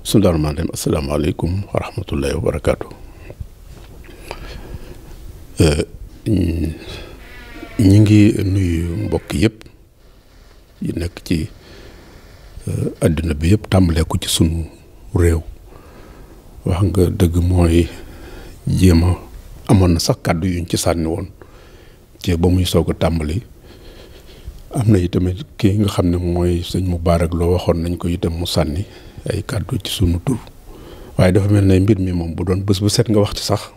bismillaahi rahmaani rahiim asalaamaaleykum wa rahmatullaahi wa barakaatu eh, ñi ngi nuyu mbokk yëpp yi nekk ci eh, àddina bi yëpp tàmbaleeku ci sunu réew wax nga dëgg mooy jéem a amoon na sax kàddu yuñ ci sànni woon ci ba muy soog a tàmbali am na itamit kii nga xam ne mooy sëñ Mubaarak loo waxoon nañ ko itam mu sànni ay kàddu ci sunu tur waaye dafa mel ne mbir mi moom bu doon bës bu set nga wax ci sax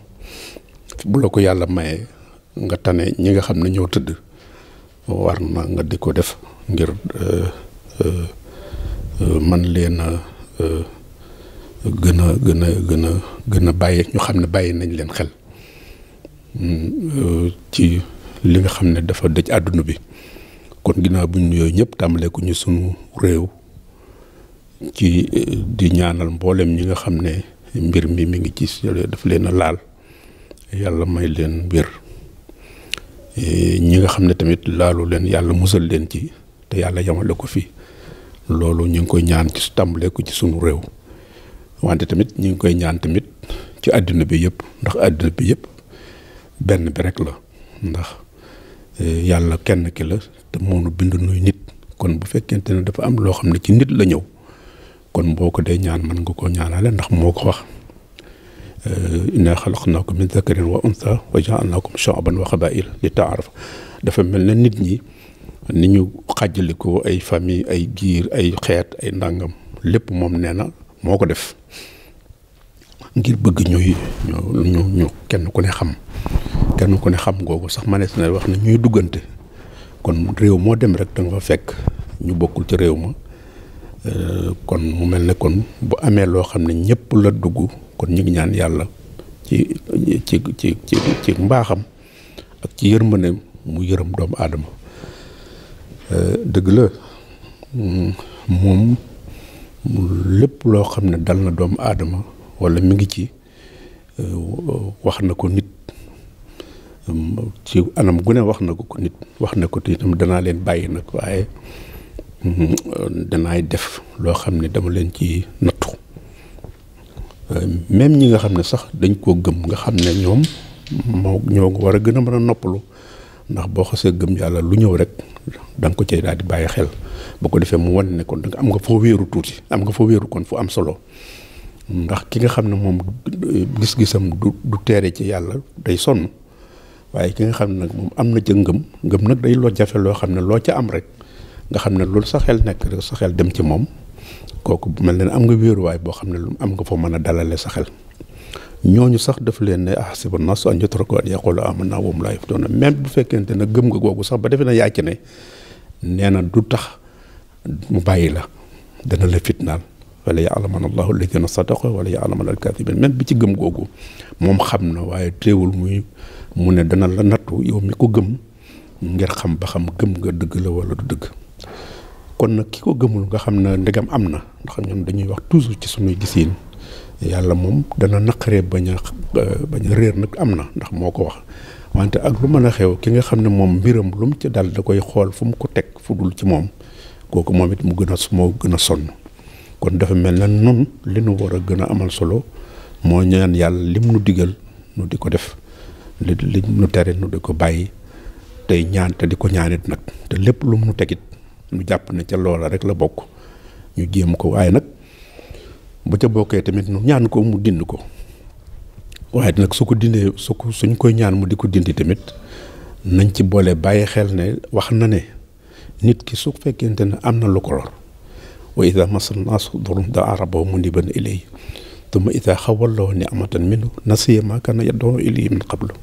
bu la ko yàlla maye nga tane ñi nga xam ne ñoo tëdd war na nga di ko def ngir euh, euh, man leen a euh, gën a gën a gën a gën a bàyyi ñu xam ne bàyyi nañ leen xel mm, ci li nga xam ne dafa dëj àdduna bi kon ginnaaw bu ñu yooyu ñëpp tàmbale ko ñu sunu réew ci eh, di ñaanal mboolem ñi nga xam ne mbir mi mi ngi ci daf leen a laal yàlla may leen wér eh, ñi nga xam ne tamit laalu leen yàlla musal leen ci te yàlla yamale ko fi loolu ñu ngi koy ñaan ci tàmbale ci sunu réew wante tamit ñu ngi koy ñaan tamit ci àddina bi yëpp ndax àddina bi yëpp benn bi rek la ndax eh, yàlla kenn ki la te lu bind nuy nit kon bu fekkente ne dafa am loo xam ne ci nit la ñëw kon mboo ko dee ñaan man nga koo ñaanale ndax moo ko wax euh, inna xalaqnaakum na ko wa unsa wa jaalnaakum shaaban wa xabail li taaraf dafa mel na nit ñi ni ñu xàjjali ko ay famille ay giir ay xeet ay ndàngam lépp moom nee na moo ko def ngir bëgg ñuy ñu ñu kenn ku ne xam kenn ku ne xam googu sax manees na wax na ñuy duggante kon réew moo dem rek da nga fa fekk ñu bokkul ci réew ma Euh, kon mu mel ne kon bu amee loo xam ne ñëpp la dugg kon ñu ñaan yàlla ci ci ci mbaaxam ak ci yërmande mu yërëm doomu aadama euh, dëgg la mm, moom lépp loo xam ne dal na doomu aadama wala mu ngi ci euh, wax na ko nit ci anam gu ne wax na ko ko nit wax na ko te danaa leen bàyyi nag waaye Euh, danaay def loo xam ne dama leen ci nattu euh, même ñi nga xam ne sax dañ koo gëm nga xam ne ñoom moo ñoo war a gën a mën a noppalu ndax boo xasee gëm yàlla lu ñëw rek da ko cay daal di bàyyi xel bu ko defee mu wan ne kon da am nga foo wéeru tuuti am nga foo wéeru kon fu am solo ndax ki nga xam ne moom gis-gisam du du teere ci yàlla day sonn waaye ki nga xam ne nag moom am na ca ngëm ngëm nag day loo jafe loo xam ne loo ca am rek nga xam ne loolu sa xel nekk rek sa xel dem ci moom kooku mel na ne am nga wéeruwaay boo xam ne lu am nga foo mën a dalale sa xel ñooñu sax daf leen ne ahasiba nas an yutraku an yaqulu amanna ah, wa hum laa yuftanuun même bu fekkente ne gëm nga googu sax ba defe na yaa ci ne nee na du tax mu bàyyi la dana la fitnaal wala ya'laman allahu alladina sadaqu wala ya'laman alkathibin même bi ci gëm googu moom xam na waaye teewul muy mu ne dana la nattu yow mi ko gëm ngir xam ba xam gëm nga dëgg la wala du dëgg kon nag ki ko gëmul nga xam na ndegam am na ndax ñoom dañuy wax toujours ci suñuy gisiin yàlla moom dana naqaree bañ a euh, bañ réer nag am na ndax moo ko wax wante ak lu mën a xew ki nga xam ne moom mbiram lu mu ci dal da koy xool fu mu ko teg fu dul ci moom kooku moom it mu gën a moo gën a sonn kon dafa mel na nun li nu war a gën a amal solo moo ñaan yàlla lim nu digal nu di ko def li li nu tere nu di ko bàyyi tey ñaan te di ko ñaanit nag te lépp lu mu nu tegit ñu jàpp na ca loola rek la bokk ñu jéem ko waaye nag bu ca bokkee tamit ñu ñaan ko mu dind ko waaye nag su ko dindee su ko koy ñaan mu di ko dindi tamit nañ ci boole bàyyi xel ne wax na ne nit ki su fekkente ne am na lu ko lor wa ida masa naasu durun daa rabbahu muniban ilay tuma ida xawalloo ni amatan minu nasiya ma kana yadoo ilay min qablu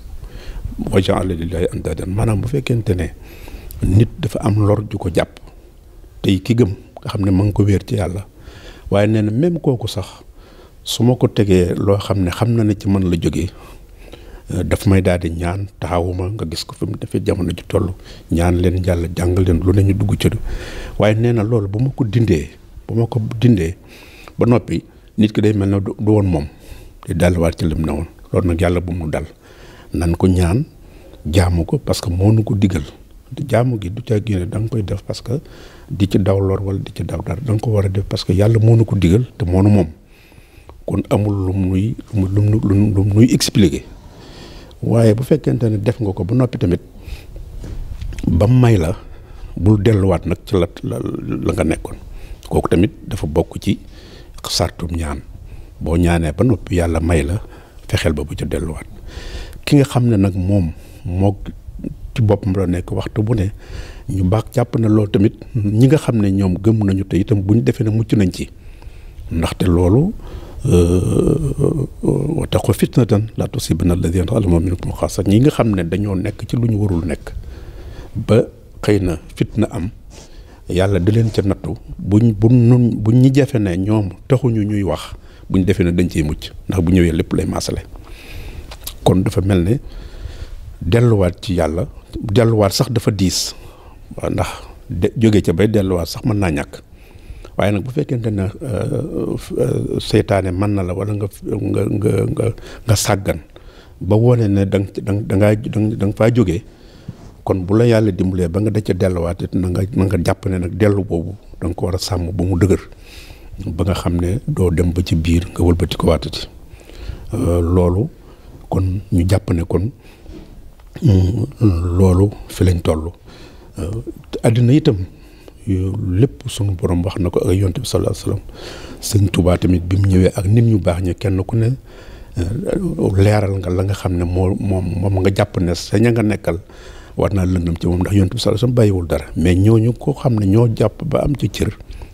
wa jaala lillahi andadan maanaam bu fekkente ne nit dafa am lor ju ko jàpp tey ki gëm nga xam ne ma ngi ko wéer ci yàlla waaye nee na même kooku sax su ma ko tegee loo xam ne xam na ne ci man la jógee euh, dafa may daal di ñaan taxawuma nga gis ko fi mu defee jamono ji toll ñaan leen yàlla jàng leen lu ne ñu dugg ci waaye nee na loolu bu ma ko dindee bu ma ko dindee ba noppi nit ki day mel na du woon moom di delluwaat ci lim na woon loolu nag yàlla bu mu dal nan ko ñaan jaamu ko parce que moo nu ko digal. jaamu gi du ca génne da nga koy def parce que di ci daw lor wala di ci daw dara danga ko war a def parce que yàlla moo na ko digal te moo nu moom kon amul lu muy lu mu muy expliquer waaye bu fekkente ne def nga ko ba noppi tamit ba may la bul delluwaat nag ci la la nga nekkoon kooku tamit dafa bokk ci sartum ñaan boo ñaanee ba noppi yàlla may la fexeel ba ca delluwaat ki xam ne nag moom ci boppam la nekk waxtu bu ne ñu baax jàpp na loolu tamit ñi nga xam ne ñoom gëm nañu te itam bu ñu defee ne mucc nañ ci ndaxte loolu euh, wa taqu fitnatan laa tusiibanna alladhiina zalamu xaw xaassa ñi nga xam ne dañoo nekk ci lu ñu warul nekk ba xëy na fitna am yàlla di leen ca nattu buñ bu ñu buñ jafe ne ñoom taxuñu ñuy wax buñ defee ne dañ ciy mucc ndax bu ñëwee lépp lay maasale kon dafa mel ne delluwaat ci yàlla delluwaat sax dafa diis ndax jóge ca bay delluwaat sax mën naa ñàkk waaye nag bu fekkente ne euh, euh, seytaane mën na la wala nga nga nga nga sàggan ba wone ne da nga da nga da nga faa jóge kon bu la yàlla dimbalee ba nga da ca delluwaat it na nga na nga jàpp ne nag dellu boobu da ko war a sàmm ba mu dëgër ba nga xam ne doo dem ba ci biir nga wëlbati ko waatati euh, loolu kon ñu jàpp ne kon. Mm, loolu fi lañ toll euh, àddina itam lépp sunu borom wax na ko ak yonent bi sallallahu sëñ Tuubaa tamit bi mu ñëwee ak nit ñu baax ñi kenn ku ne euh, leeral nga la nga xam ne moo moom moom nga jàpp ne sa ña nga nekkal war naa lëndam ci moom ndax yonent bi sallallahu bàyyiwul dara mais ñëw ñu ko xam ne ñoo jàpp ba am ci cër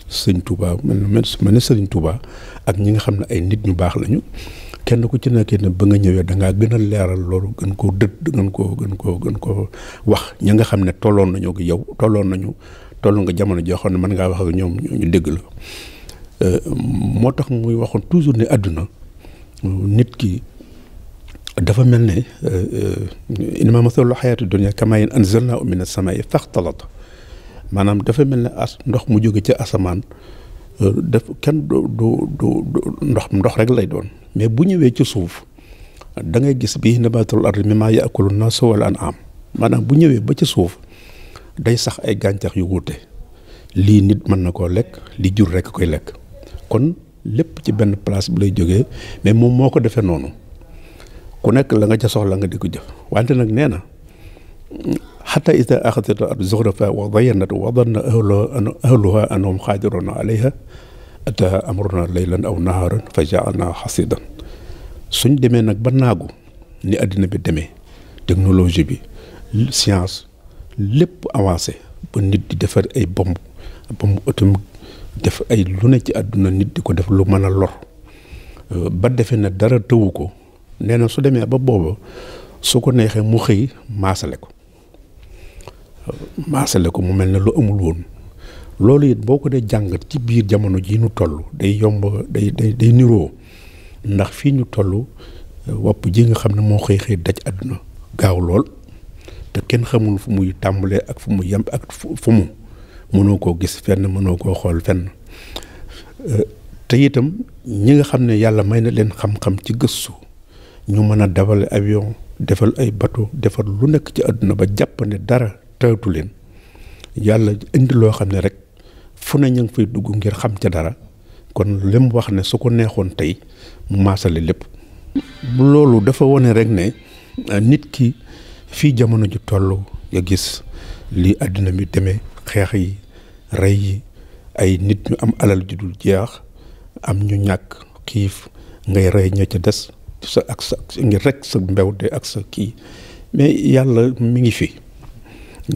sëñ Tuubaa mel ne sëriñ Tuubaa ak ñi nga xam ne ay nit ñu baax lañu kenn ku ci nekkee ne ba nga ñëwee dangaa ngaa leeral loolu gën koo dëdd gën koo gën koo gën wax ñi nga xam ne tolloon nañu ak yow tolloon nañu tollu nga jamono joo xam mën ngaa wax ak ñoom ñu dégg la euh, moo tax muy waxoon toujours ni àdduna nit ki dafa mel ne euh, euh, innama masalu xayaati dunya kamaayin anzalnaahu mina samaa'i faxtalata maanaam dafa mel ne as ndox mu jóge ci asamaan def kenn du du du ndox ndox rek lay doon mais bu ñëwee ci suuf da ngay gis bii nabatul ardi mimmaa yaakulu naasu wal am maanaam bu ñëwee ba ci suuf day sax ay gàncax yu wuute lii nit mën na koo lekk li jur rek koy lekk kon lépp ci benn place bu lay jógee mais moom moo ko defee noonu ku nekk la nga ca soxla nga di ko jëf wante nag nee na xata ida axadat al ardu zuxrafa wa dayanat wa danna ahluha annahum xaadiruna alayha ata amruna laylan aw naharan fa jaalna xasidan suñ demee nag ba naagu ni àddina bi demee technologie bi science lépp avancé ba nit di defar ay bomb bomb def ay lu ne ci àdduna nit di ko def lu mën a lor ba defe ne dara tëwu ko nee na su demee ba booba soo ko neexee mu xëy maasale ko maasale ko mu mel ne lu amul woon loolu it boo ko dee jàngat ci biir jamono jii nu toll day yomb day day day niroo ndax fii ñu tollu wopp ji nga xam ne moo xëy xëy daj àdduna gaaw lool te kenn xamul fu muy tàmbalee ak fu mu yem ak fu mu mënoo koo gis fenn mënoo koo xool fenn euh, te itam ñi nga xam ne yàlla may na leen xam-xam ci gëstu ñu mën a dawal avion defal ay bateau defal lu nekk ci àdduna ba jàpp dara tawtu leen yàlla indi loo xam ne rek fu ne ñu fay dugg ngir xam ca dara kon li wax ne su ko neexoon tey mu maasale lépp loolu dafa wane rek ne euh, nit ki fii jamono ji toll nga gis li àddina bi demee xeex yi rey yi ay nit ñu am alal ju dul jeex am ñu ñàkk xiif ngay rey ña ca des sa ak sa ngir rek sa mbew de ak sa kii mais yàlla mi ngi fi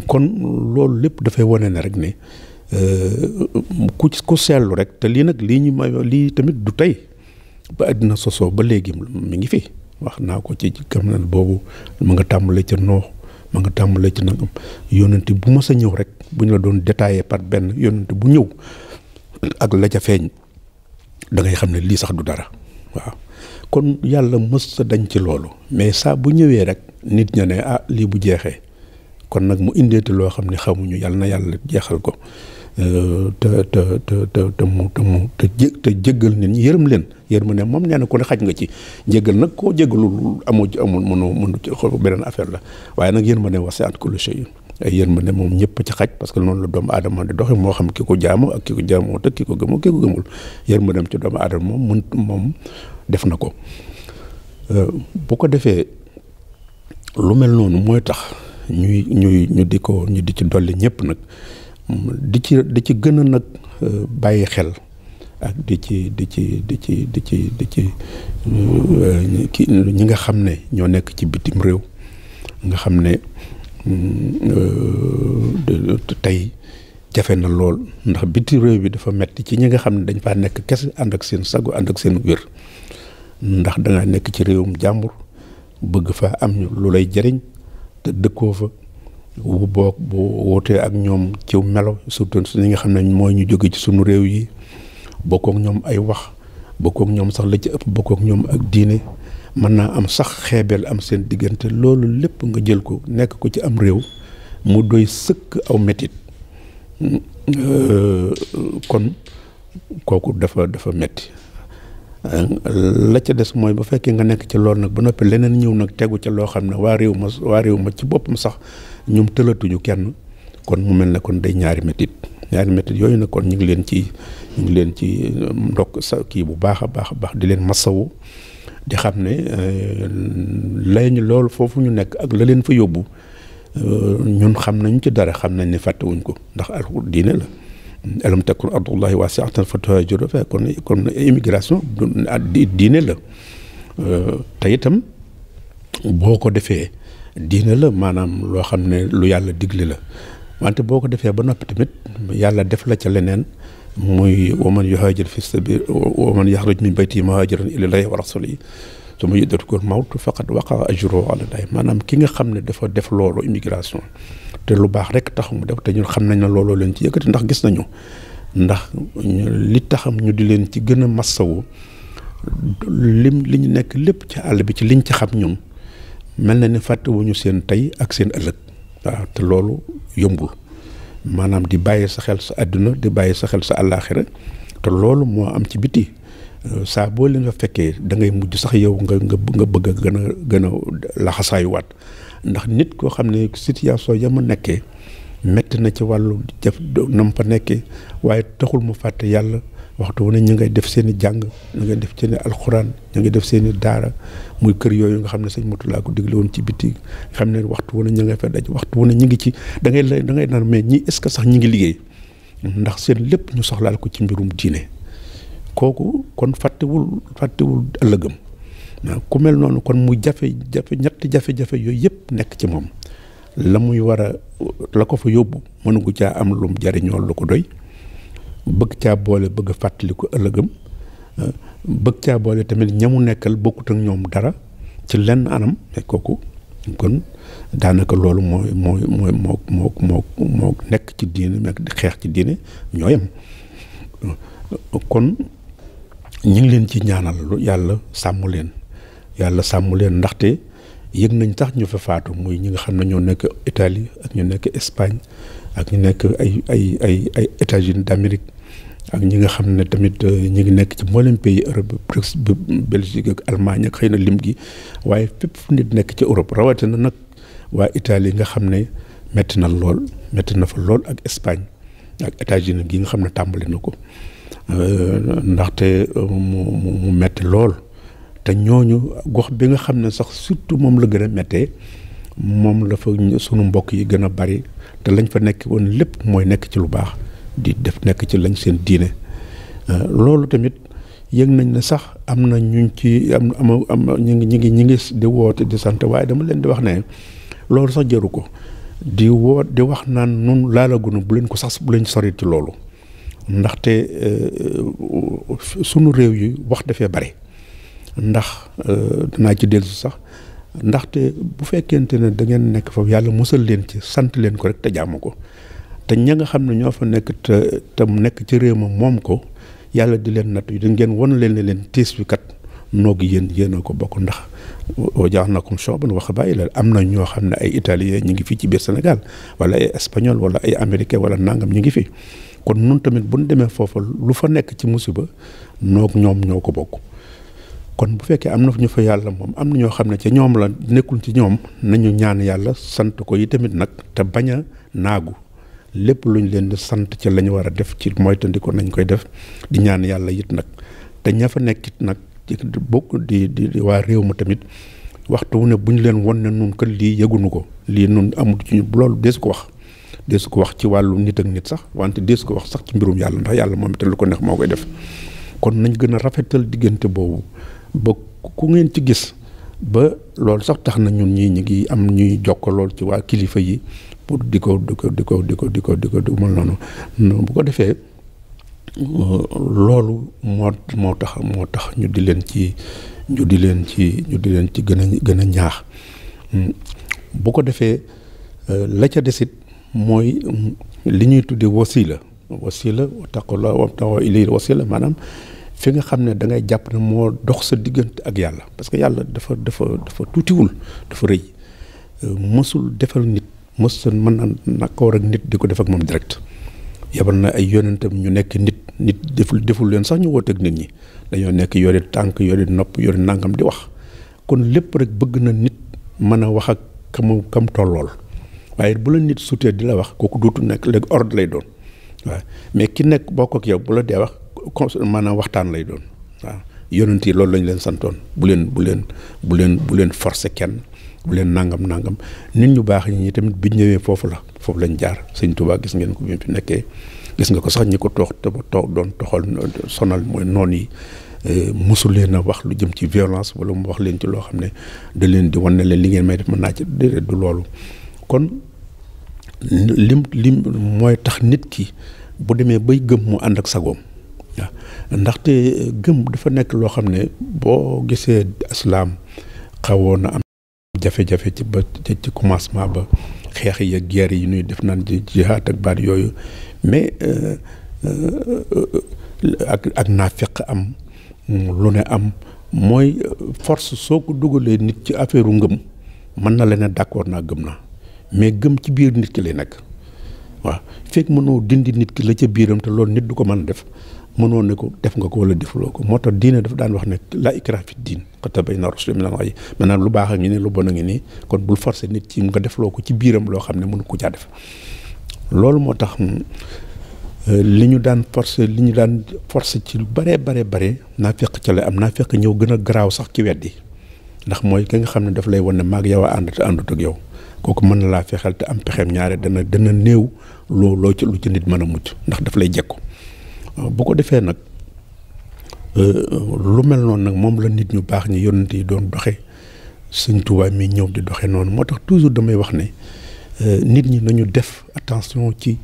kon loolu lépp dafay wane ne rek ni euh, ku ci ku seetlu rek te lii nag lii ñu may lii tamit du tey ba àddina sosoo ba léegi mi ngi fi wax naa ko ci kam na boobu ma nga tàmbalee ca noox ma nga tàmbalee ca nangam yónnante bu ma sa ñëw rek bu ñu la doon détaillé par benn yónnante bu ñëw ak la ca feeñ da xam ne lii sax du dara waaw kon yàlla mës sa dañ ci loolu mais saa bu ñëwee rek nit ña ne ah lii bu jeexee kon nag mu indeeti loo xam ne xamuñu yàlla na yàlla jeexal ko euh, te te te te te mu te mu te jé te jéggal ñi yërëm leen yërëm ne moom nee na ku ne xaj nga ci jéggal nag koo jéggalul amoo ci amul mënu mënu ci xool beneen affaire la waaye nag yërëm ne wasi'at kulla shay'in ay yërmande moom ñëpp ci xaj parce que noonu la doomu aadama di doxe xam ki ko jaamu ak ki ko jaamoo te ki ko gëmoo ki ko gëmul yërmandeem ci doomu aadama moom mun moom def na ko euh, bu ko defee lu mel noonu mooy tax ñuy ñuy ñu di ko ñu di ci dolli ñëpp nag di ci di ci gën a nag euh, bàyyi xel ak di ci di ci di ci di ci di ci euh, ki nga xam ne ñoo nekk ci bitim réew nga xam ne mm, euh, tey jafe na lool ndax biti réew bi dafa metti ci ñi nga xam ne dañ faa nekk kese ànd ak seen sago ànd ak seen wér ndax danga nekk ci réewum jàmbur bëgg fa am loolu ay jariñ te dëkkoo fa bu boog bu wootee ak ñoom ci melo su ñi nga xam ne mooy ñu jóge ci suñu réew yi bokkook ñoom ay wax bokkook ñoom sax la ci ëpp bokkook ñoom ak diine mën naa am sax xeebeel am seen diggante loolu lépp nga jël ko nekk ko ci am réew mu doy sëkk aw metit mm, euh, kon kooku dafa dafa metti la ca des mooy ba fekkee nga nekk ci lool nag ba noppi leneen ñëw nag tegu ca loo xam ne waa réew ma ci boppam sax ñoom tëlatuñu kenn kon mu mel ne kon day ñaari métit ñaari métit yooyu nag kon ñu ngi leen ci leen ci um, ndokk sax kii bu baax a baax a baax di leen masawu di xam ne euh, lay ñu loolu foofu ñu nekk ak la leen fa yóbbu euh, ñun xam nañu ci dara xam nañ ni fàttewuñ ko ndax alxur diine la alam takun ardullahi waasi'atan fatahaajiru fa kon kon immigration diine la te itam boo ko defee diine la maanaam loo xam ne lu yàlla digle la wante boo ko defee ba noppi tamit yàlla def la ca leneen muy waman yuhaajir fi sabiil waman yaxruj min bayti muhaajiran ilallaahi wa rasuulihi summa yudrikhu al-mawtu faqad waqa'a ajruhu alallaahi maanaam ki nga xam ne dafa def loolu immigration lu baax rek tax mu def te ñu xam nañ na looloo leen ci yëkkati ndax gis nañu ndax li taxam ñu di leen ci gën a massawu lim li nekk lépp ci àll bi ci liñ ci xam ñun mel na ni fàttewuñu seen tey ak seen ëllëg waaw te loolu yombul maanaam di bàyyi sa xel sa àdduna di bàyyi sa xel sa àllaaxira te loolu moo am ci biti euh, saa boo leen fekkee da ngay mujj sax yow nga nga bëgg a gën a gën a laxasaayuwaat ndax nit koo xam ne situation ya mu nekkee metti na ci wàllu jëf nam fa nekkee waaye taxul mu fàtte yàlla waxtu wu ne ñu ngay def seen i jàng ñu ngay def seen i alxuraan ñu ngay def seen i daara muy kër yooyu nga xam ne sëñ Murtala ko digle woon ci biti xam ne waxtu wu ne ñu ngay fa daj waxtu wu ne ñu ngi ci da dangay lay da ngay naan mais ñi est sax ñu ngi liggéey ndax seen lépp ñu soxlaal ko ci mbirum diine kooku kon fàttewul fàttewul ëllëgam ku mel noonu kon mu jafe-jafe ñetti jafe-jafe yooyu yëpp nekk ci moom la muy war a la ko fa yóbbu mënugu caa am lum jariñoo lu ko doy bëgg caa boole bëgg fàttaliku ëllëgam bëgg caa boole tamit ñamu nekkal bokkut ak ñoom dara ci lenn anam mais kon daanaka loolu mooy mooy mooy moo moo moo moo nekk ci diine nekk di xeex ci diine ñooyam kon ñu ngi leen ci ñaanal yàlla sàmm leen yàlla sàmm leen ndaxte yëg nañ tax ñu fa faatu muy ñi nga xam ne ñoo nekk itali ak ñu nekk Espagne ak ñu nekk ay ay ay ay États-Unis d'Amérique ak ñi nga xam ne tamit euh, ñu ngi nekk ci mboolem pays Europe Belgique ak xëy na lim gi waaye fépp fu nit nekk ci Europe rawatina nag waa Italie nga xam ne métti na lool métti na fa lool ak Espagne ak états gi nga xam ne tàmbali na ko euh, ndaxte euh, mu metti lool. te ñooñu gox bi nga xam ne sax surtout moom la gën a méttee moom la fa sunu mbokk yi gën a bari te lañ fa nekk woon lépp mooy nekk ci lu baax di def nekk ci lañ seen diine euh, loolu tamit yëg nañ ne sax am na ñu ci am am ñu ngi ñu ngi ñu ngi di woote di sant waaye dama leen di wax ne loolu sax jaru ko di woot di wax naan nun laalagunu bu leen ko sax bu leen sori loolu ndaxte euh, sunu réew yi wax dafee bari ndax euh, danaa ci dellu sax ndaxte bu fekkente ne da ngeen nekk foofu yàlla musal leen ci sant leen ko rek te jàmm ko te ña nga xam ne ñoo fa nekk te te mu nekk ci réew ma moom ko yàlla di leen natt di ngeen won leen ne leen tiis bi yéen yéen a ko bokk ndax jaax na comme choban wax bàyyi la am na ñoo xam ne ay italien ñu ngi fii ci biir Sénégal wala ay wala ay américain wala nangam ñu ngi fi kon nun tamit bu ñu demee foofa lu fa nekk ci musiba noog ñoom ñoo ko bokk kon bu fekkee am na ñu fa yàlla moom am na ñoo xam ne ci ñoom la nekkul ci ñoom nañu ñaan yàlla sant ko yi tamit nag te bañ a naagu lépp lu ñu leen di sant ci la ñu war a def ci moytandiku nañ koy def di ñaan yàlla it nag te ña fa nekkit nag bokk di di réew ma tamit waxtu wu ne bu ñu leen won ne nun kat lii yëgunu ko lii nun amul ci ñu loolu dees ko wax dees ko wax ci wàllu nit ak nit sax wante dees ko wax sax ci mbirum yàlla ndax yàlla moom itam lu ko neex moo koy def kon nañ gën a rafetal diggante boobu ba ku ngeen ci gis ba loolu sax tax na ñun ñii ñu ngi am ñuy jokk lool ci waa kilifa yi pour di ko di ko di ko di ko di ko di ko dugal noonu bu ko defee euh, loolu moo moo tax moo tax ñu di leen ci ñu di leen ci ñu di leen ci gën a gën a ñaax hmm, bu ko defee euh, la ca desit mooy hmm, li ñuy tudde wasila wasila taqula wa tawa ilay wasila maanaam fi nga xam ne dangay jàpp ne moo dox sa diggante ak yàlla parce que yàlla dafa dafa dafa tuutiwul dafa rëy euh, mosul defal nit mos sa mën na nakkoor ak nit di ko def ak moom direct yabal na ay yonentam ñu nekk nit nit deful deful leen sax ñu wooteeg nit ñi dañoo nekk yore tànk yore nopp yore nàngam di wax kon lépp rek bëgg na nit mën a wax ak kamu kam tollool waaye bu la nit sutee di la wax kooku dootu nekk léegi ordre lay doon waaw mais ki nekk a waxtaan lay doon waaw yonent yi loolu lañ leen santoon bu leen bu leen bu leen bu leen forcé kenn bu leen nangam nangam nit ñu baax ñi tamit bi ñëwee foofu la foofu lañ jaar sëñ Tuubaa gis ngeen ko bi fi nekkee gis nga ko sax ñi ko toog te toog doon toxal sonal mooy noon yi eh, mosul leen a wax lu jëm ci violence wala mu wax leen ci loo xam ne da leen di wan ne leen li ngeen may def mën naa ci déedéet du loolu kon lim lim mooy tax nit ki bu demee bay gëm mu ànd ak sagoom ndaxte gëm dafa nekk loo xam ne boo gisee islaam xawoon na am jafe-jafe ci ba ci commencement ba xeex yi ak guerre yi ñuy def naan jihaad ak baat yooyu mais euh, euh, euh, ak ak naafiq am lu ne am mooy force soo ko dugalee nit ci affaire ngëm mën na leen d'accord naa gëm na mais gëm ci biir nit ki lay nekk waaw fekk mënoo dindi nit ki la ca biiram te loolu nit du ko mën a def mënoon na ko def nga ko wala defuloo ko moo tax diine dafa daan wax ne laa ikraha fi diin qad tabayyana rushdu mina a ghayy maanaam lu baax a ngi ne lu bon a ngi nii kon bul forcer nit ci nga defloo ko ci biiram loo xam ne mënu ko caa def loolu moo tax euh, li ñu daan forcer li ñu daan forcer ci lu bare bare bare naa fekk ca la am naa fekk ñëw gën a garaaw sax ci weddi ndax mooy ki nga xam ne daf lay won ne maag yow a ànd te àndut ak yow kooku mën na laa fexeel te am pexeem ñaare dana dana néew loo loo ci lu ci nit mën a mucc ndax daf lay jekku bu ko defee nag euh, lu mel noonu nag moom la nit ñu baax ñi yonent yi doon doxe sëñ tubaa mi ñëw di doxe noonu moo tax toujours damay wax ne euh, nit ñi nañu def attention ci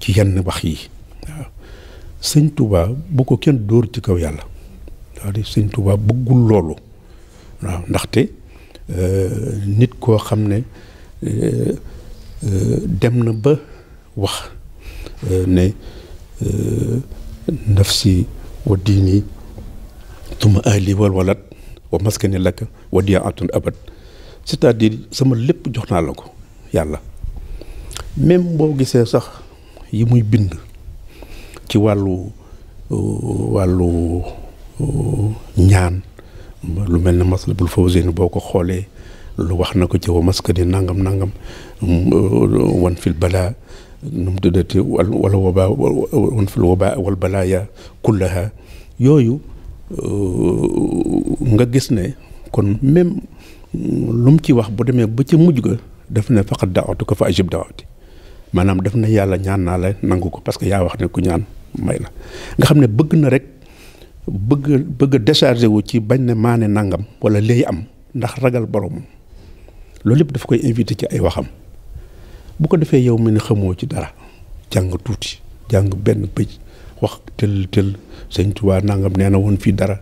ci yenn wax yi waaw sëñ tubaa bu ko kenn dóor ci kaw yàlla waaw di sëñ Tuubaa bëggul loolu waaw ndaxte euh, nit koo xam ne dem na ba wax ne nafsi si diini tuma ahli wal walad wa maskani lakk wa diyaatun abad cest à sama lépp jox naa la ko yàlla même boo gisee sax yi muy bind ci wàllu wàllu ñaan lu mel ne masalabul fawzeyni boo ko xoolee lu wax na ko ci wa maskani nangam nangam wan fil bala nu mu tuddati wala waba wan fil waba wal balaaya kullaha yooyu euh, nga gis ne kon même lu mu ci wax bu demee ba ca mujj ga def ne faqat daawatu ko fa ajib daawati maanaam def ne yàlla ñaan naa la nangu ko parce que yaa wax ne ku ñaan may la nga xam ne bëgg na rek bëgg bëgg a décharger wu ci bañ ne maane nangam wala léy am ndax ragal boromam loolu yëpp daf koy invité ci ay waxam bu ko defee yow mi ne xamoo ci dara jàng tuuti jàng benn pëj wax tël tël sëñ Tuubaa nangam nee na woon fii dara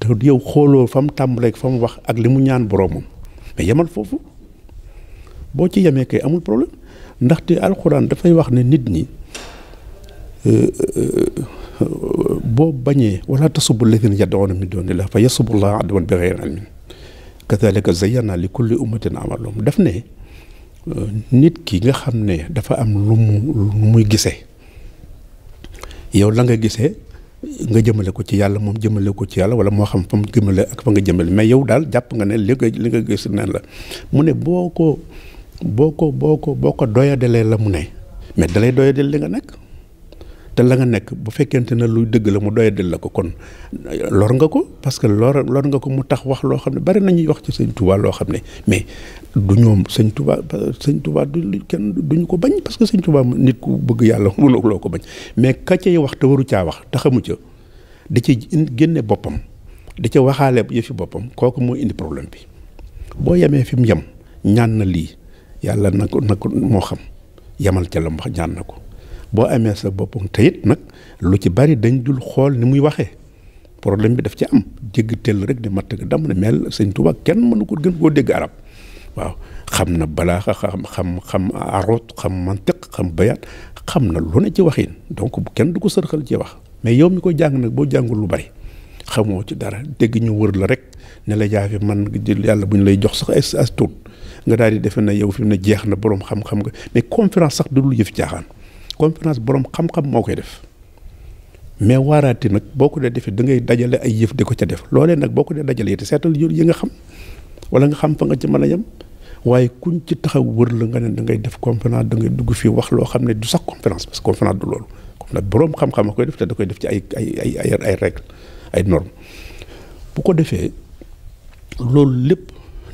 te yow xooloo fa mu tàmbalee fa mu wax ak li mu ñaan boroomam mais yemal foofu boo ci yemee kay amul problème ndaxte alxuraan dafay wax ne nit ñi euh, euh, euh, boo bañee wala tasubbu lazina yad'uuna min doon llaahi fa yasubbu llaaha adwan bi ghayri ilmin kazaalika zayyana li kulli ummatin amalahum def ne nit kii nga xam ne dafa am lu muy gisee yow la nga gisee nga jëmale ko ci yàlla moom jëmale ko ci yàlla wala moo xam fa mu jëmale ak fa nga jëmale mais yow daal jàpp nga ne li nga li nga gis neen la mu ne boo ko boo ko boo ko boo ko doyadelee la mu ne mais dalay doyadel li nga nekk te la nga nekk bu fekkente ne lu dëgg la mu doyadil la ko kon lor nga ko parce que lor lor nga ko mu tax wax loo xam ne bari nañuy wax ci sëñ tubaa loo xam ne mais du ñoom sëñ Touba sëñ Touba du kenn duñu ko bañ parce que sëñ Touba nit ku bëgg yàlla mënoo loo ko bañ mais ka cay wax te waru caa wax taxamu xamu ca da ca génne boppam da ca waxaale yëfi boppam kooku moo indi problème bi boo yemee fi mu yem ñaan na lii yàlla na ko na moo xam yemal ca la wax ñaan na ko boo amee sa bopp te nag lu ci bari dañ dul xool ni muy waxee problème bi daf ci am jégg teel rek di matt ga dam na mel sëñ Tuubaa kenn mënu ko gën koo dégg arab waaw xam na balaaxa xam xam xam aroot xam mantiq xam bayaat xam na lu ne ci waxin donc bu kenn du ko sërxal ci wax mais yow mi ko jàng nag boo jàngul lu bari xamoo ci dara dégg ñu wër la rek ne la jaafe man yàlla bu ñu lay jox sax as tuut nga daal di defe na yow fi mu ne jeex na boroom xam-xam nga mais conférence sax du lu yëf caaxaan conférence boroom xam-xam moo koy def mais waaraate nag boo ko dee defee da ngay dajale ay yëf di ko ca def loolee nag boo ko dee dajale te seetal yi nga xam wala nga xam fa nga ci mën a yem waaye kuñ ci taxaw wër la nga ne da def conférence da ngay dugg fii wax loo xam ne du sax conférence parce que conférence du loolu conférence borom xam-xam a koy def te da koy def ci ay ay ay ay règle ay norme bu ko defee loolu lépp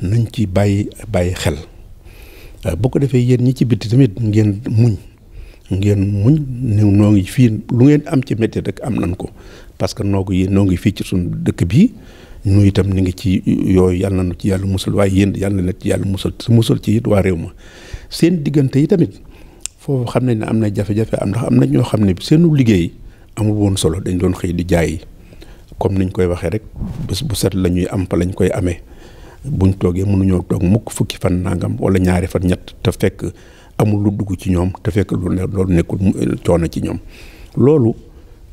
nañ ci bàyyi bàyyi xel euh, bu ko defee yéen ñi ci bitti tamit ngeen muñ ngeen muñ ni noo ngi fii lu ngeen am ci métti rek am nan ko parce que noo ko yéen noo ngi fii ci suñu dëkk bii ñu itam ni ngi ci yooyu yàlla na ci yàlla musal waaye yéen yàlla na ci yàlla musal su musal ci it waa réew ma seen diggante yi tamit foofu xam nañ ne am na jafe-jafe am ndax am nañ ñoo xam ne seenu liggéey amul woon solo dañ doon xëy di jaay comme niñ koy waxee rek bés bu set la ñuy am fa lañ koy amee buñ toogee mënuñoo toog mukk fukki fan nangam wala ñaari fan ñett te fekk amul lu dugg ci ñoom te fekk lu ne loolu nekkul eh, coono ci ñoom loolu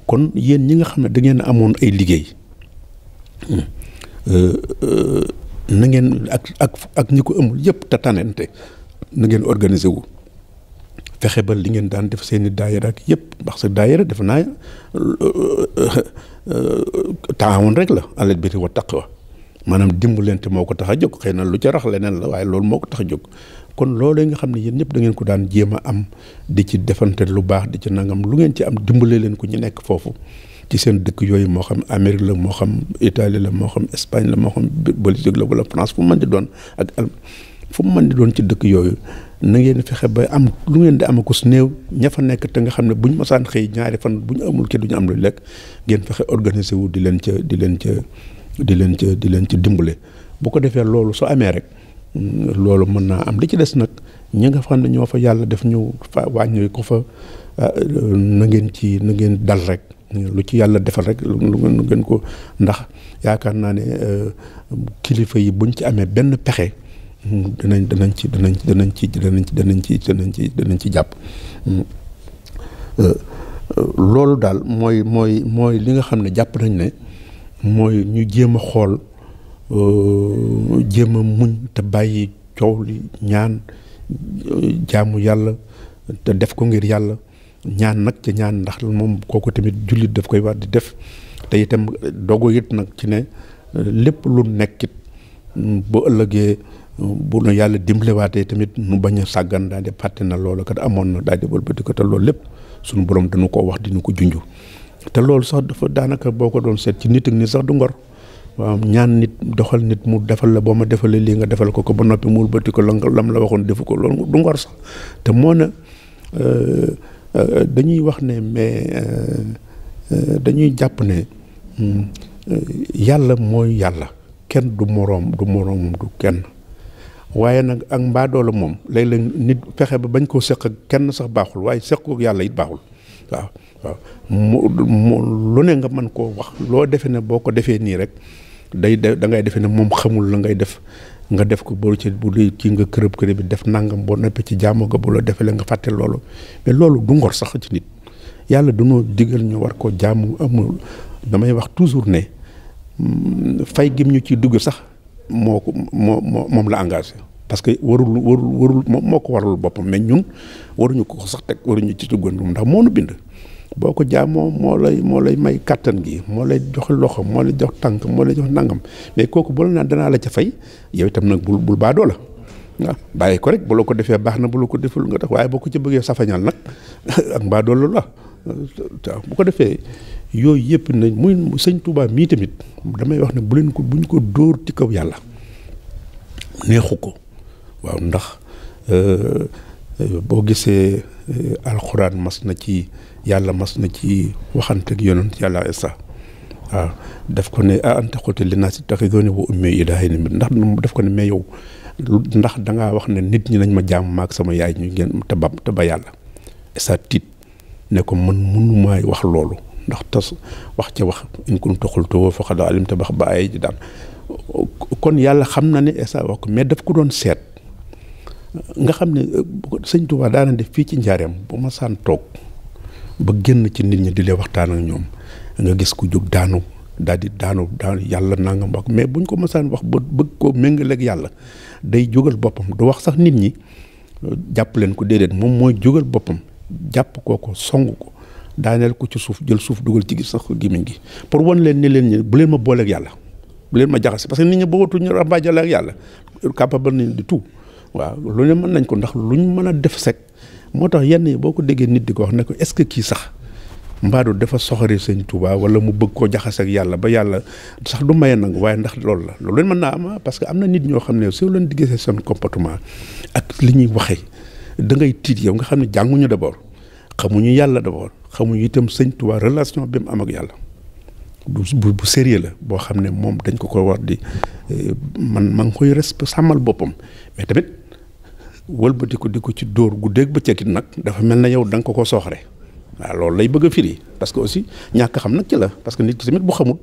kon yéen ñi nga xam ne da ngeen amoon ay liggéey hmm, euh, euh, na ngeen ak ak ak ñi ko amul yëpp te tanente na ngeen organiser wu fexe ba li ngeen daan def seeni daayira ak yëpp ndax sa daayira def naa euh, taawoon rek la alal birri wa taqwa maanaam dimbalante moo ko tax a jóg xëy na lu jarax rax leneen la waaye loolu moo ko tax a jóg kon loolu nga xam ne yéen ñëpp da ngeen ko daan jéema am di ci defante lu baax di ci nangam lu ngeen ci am dimbale leen ko ñu nekk foofu ci seen dëkk yooyu moo xam Amérique la moo xam Italie la moo xam Espagne la moo xam Belgique la wala France fu man mën di doon ak al fu mu mën di doon ci dëkk yooyu na ngeen fexe ba am lu ngeen di am ko su néew ña fa nekk te nga xam ne bu ñu masaan xëy ñaari fan bu ñu amul ci du ñu am lu lekk ngeen fexe organiser wu di leen ca di leen ca di leen ca di leen ca dimbale bu ko defee loolu soo amee rek. loolu mën naa am li ci des nag ñi nga xam ne ñoo fa yàlla def ñu fa wàññi ko fa ah, na ngeen ci na ngeen dal rek lu ci yàlla defal rek lu ngeen ko ndax yaakaar naa ne eh, kilifa yi buñ ci amee benn pexe danañ danañ ci danañ danañ ci danañ ci danañ ci danañ ci danañ ci jàpp eh, loolu daal mooy mooy mooy li nga xam ne jàpp nañ ne mooy ñu jéem a xool Euh, jéemam a muñ te bàyyi coow li ñaan euh, jaamu yàlla te def ko ngir yàlla ñaan nag ca ñaan ndax moom kooku tamit jullit daf koy war di def te itam dogu it nag ci ne euh, lépp lu nekkit mm, boo ëllëgee bu na yàlla dimbalewaatee tamit nu bañ a sàggan daal di fàtte na loolu kat amoon na daal di wëlbati ko te loolu lépp sunu borom dañu koo wax dinu ko junju te loolu sax dafa daanaka boo ko doon seet ci nit ak ni sax du ngor waaw ñaan nit doxal nit mu defal la boo ma defalee lii nga defal ko ko ba noppi mu bëtti ko lan lam la waxoon defu ko loolu du ngor sax te moo na euh, euh, dañuy wax ne mais euh, dañuy jàpp ne hmm, yàlla mooy yàlla kenn du moroom du moroomam du kenn waaye nag ak mbaadoola moom léeg-léeg nit fexe ba bañ koo seq kenn sax baaxul waaye seq kook yàlla it baaxul waaw waaw mu lu ne nga mën koo wax loo defe ne boo ko defee nii rek day de da ngay defee ne moom xamul la ngay def nga def ko boo ci bu dee nga kërëb kërëb bi def nangam boo noppee ci jaamu nga bu la defee la nga loolu mais sax ci nit yàlla dunoo digal ñu war ko jaamu amul damay wax toujours ne mm, fay gim ñu ci dugg sax moo moo moo moom la engagé parce que warul warul warul moo ko warul boppam mais ñun waruñu ko sax teg waruñu ci duggoon ndax moo nu bind. boo ko jaamoo moo lay moo lay may kàttan gi moo lay jox loxo moo lay jox tànk moo lay jox nangam mais kooku boo la naan danaa la ca fay yow itam nag bul bul baadoo la bàyyi ko rek bu ko defee baax na bu la ko deful nga tax waaye boo ko ci bëggee safañal la bu ko defee yooyu yëpp nañ muy sëñ Touba mii tamit damay wax ne bu leen ko buñ ko dóor ci kaw yàlla neexu ko waaw ndax euh, boo gisee euh, alxuraan mas na ci. yàlla mas na ci waxante ak yonent yàlla Isa waaw daf ko ne a anta qulta linnaasi ittaxizuuni wa ummii ilaahayn ndax daf ko ne mais yow ndax da wax ne nit ñi nañ ma jaam maag sama yaay ñu ngeen te ba ba yàlla Isa tiit ne ko man mënumaay wax loolu ndax tas wax ca wax in kunta qultuhu faqad alimta ba ay ji daan kon yàlla xam na ne Isa wax ko mais daf ko doon seet nga xam ne sëñ Tuubaa daana def fii ci njaareem boo ma saan toog ba génn ci nit ñi di lee waxtaan ak ñoom nga gis ko jóg daanu daal di daanu daanu yàlla nanga wax mais buñ ko mësaan wax ba bëgg koo méngaleeg yàlla day jógal boppam du wax sax nit ñi jàpp leen ko déedéet moom mooy jógal boppam jàpp koo ko song ko daaneel ko ci suuf jël suuf dugal ci gi sax gémmiñ gi pour wan leen ni leen ñi bu leen ma booleeg yàlla bu leen ma jaxase parce que nit ñi boobatu ñu ràmbaajale ak yàlla capable nañ di tu waaw lu ne mën nañ ko ndax luñ mën a def sek moo tax yenn yi boo ko déggee nit di ko wax ne ko est-ce que kii sax mbaadu dafa soxore sëñ tubaa wala mu bëgg koo jaxase ak yàlla ba yàlla sax du maye nangu waaye ndax loolu la loolu mën naa am ah parce que am na nit ñoo xam ne soo leen diggee seen comportement ak li ñuy waxee da ngay tiit yow nga xam ne jànguñu d'abord xamuñu yàlla d'abord xamuñu itam sëñ Touba relation bi mu am ak yàlla. bu bu sérieux la boo xam ne moom dañ ko ko war di eh, man ma ngi koy respect sàmmal boppam tamit. wëlbati ko di ko ci dóor guddeeg bëccëg it nag dafa mel na yow da nga ko ko sooxre waaw loolu lay bëgg firi parce que aussi ñàkk xam nag ci la parce que nit ki tamit bu xamul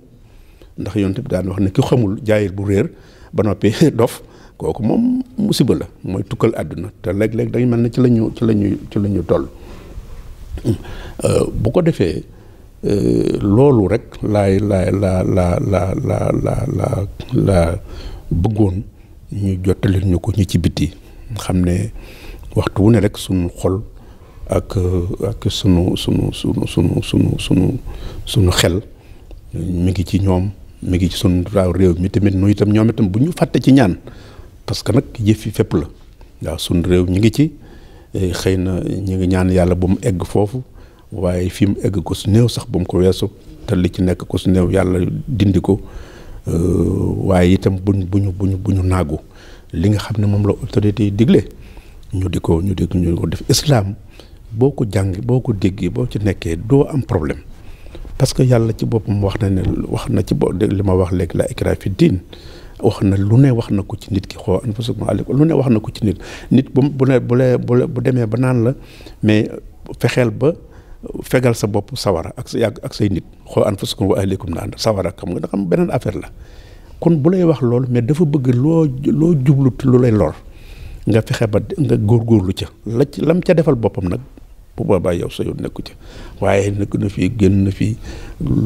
ndax yoon tamit daan wax ne ko xamul jaayir bu réer ba noppi dof kooku moom musiba la mooy tukkal àdduna te léeg-léeg dañu mel na ci la ñu ci la ñu ci la ñu toll euh, bu ko defee euh, loolu rek laay laay la la la la la la la bëggoon ñu jottali ñu ko ñu ci biti xam ne waxtu wu ne rek suñu xol ak ak sunu suñu sunu suñu sunu suñu suñu xel mi ngi ci ñoom mi ngi ci sunu raaw réew mi tamit itam ñoom itam bu ñu fàttee ci ñaan parce que nag yëf yi fépp la waaw suñu réew ñi ngi ci eh, xëy na ñu ngi ñaan yàlla bu mu egg foofu waaye fi mu egg ko su néew sax bu mu ko weesu te li ci nekk ko su néew yàlla dindi ko eh, waaye itam buñ buñu buñu bu ñu naagu li nga xam ne moom la autorité yi digle ñu di ko ñu di ñu ko def islam boo ko jàng boo ko déggee boo ci nekkee doo am problème parce que yàlla ci boppam wax na ne wax na ci bopp li ma wax léegi la ikraha fi diin wax na lu ne wax na ko ci nit ki xoo anfusakum aleykum lu ne wax na ko ci nit nit bu bu ne bu lee bu demee ba naan la mais fexeel ba fegal sa bopp sawara ak yàgg ak say nit xoo anfusakum wa aleykum naan sawara xam nga da xam beneen affaire la kon bu lay wax loolu mais dafa bëgg loo loo jublu lu lay lor nga fexe ba nga góorgóorlu ca la lam ca defal boppam nag bu boobaa yow sa yoon nekku ca waaye nekk na fi gën na fii